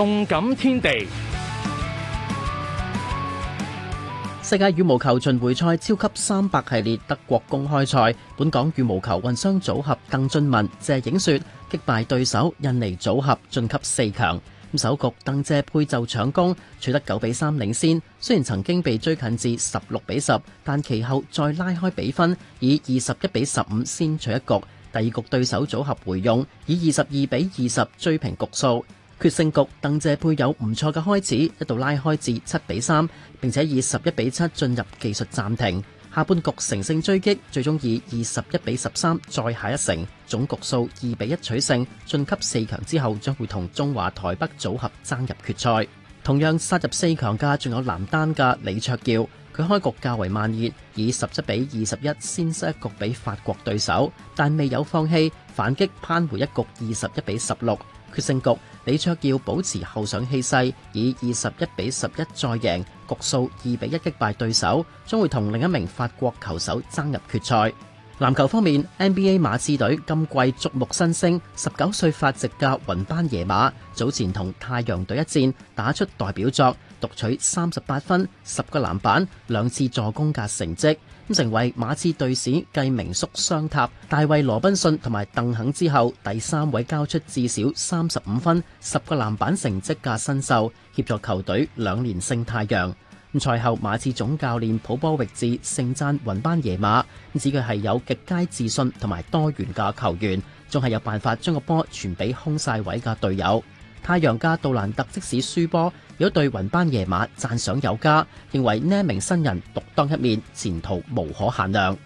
動感天地，世界羽毛球巡迴賽超級三百系列德國公開賽，本港羽毛球混雙組合鄧俊文、謝影雪擊敗對手印尼組合晉級四強。咁首局鄧謝配就搶攻取得九比三領先，雖然曾經被追近至十六比十，但其後再拉開比分，以二十一比十五先取一局。第二局對手組合回勇，以二十二比二十追平局數。決勝局，鄧謝配有唔錯嘅開始，一度拉開至七比三，並且以十一比七進入技術暫停。下半局乘勝追擊，最終以二十一比十三再下一城，總局數二比一取勝，晉級四強之後將會同中華台北組合爭入決賽。同樣殺入四強嘅仲有男單嘅李卓耀，佢開局較為慢熱，以十七比二十一先失一局俾法國對手，但未有放棄反擊，扳回一局二十一比十六。決勝局李卓耀保持後上氣勢，以二十一比十一再贏，局數二比一擊敗對手，將會同另一名法國球手爭入決賽。籃球方面，NBA 馬刺隊今季觸目新星，十九歲法籍嘅雲班耶馬，早前同太陽隊一戰打出代表作，獨取三十八分、十個籃板、兩次助攻嘅成績，咁成為馬刺隊史繼名宿雙塔大衛羅賓遜同埋鄧肯之後第三位交出至少三十五分、十個籃板成績嘅新秀，協助球隊兩連勝太陽。賽後，馬刺總教練普波域志盛讚雲班耶馬，指佢係有極佳自信同埋多元嘅球員，仲係有辦法將個波傳俾空晒位嘅隊友。太陽家杜蘭特即使輸波，亦都對雲班耶馬讚賞有加，認為呢一名新人獨當一面，前途無可限量。